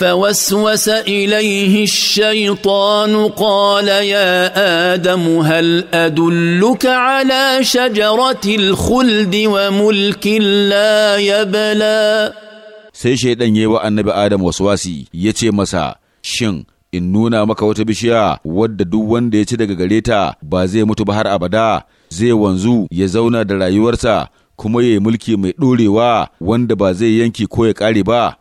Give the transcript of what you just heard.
فوسوس اليه الشيطان قال يا ادم هل ادلك على شجره الخلد وملك لا يبلى sai shaidan yayi wa annabi adam waswasi ya ce masa shin in nuna maka wata bishiya wadda duk wanda ya ci daga gare ta ba zai mutu ba har abada zai wanzu ya zauna da rayuwarsa kuma ya yi mulki mai ɗorewa wanda ba zai yanki ko ya ƙare ba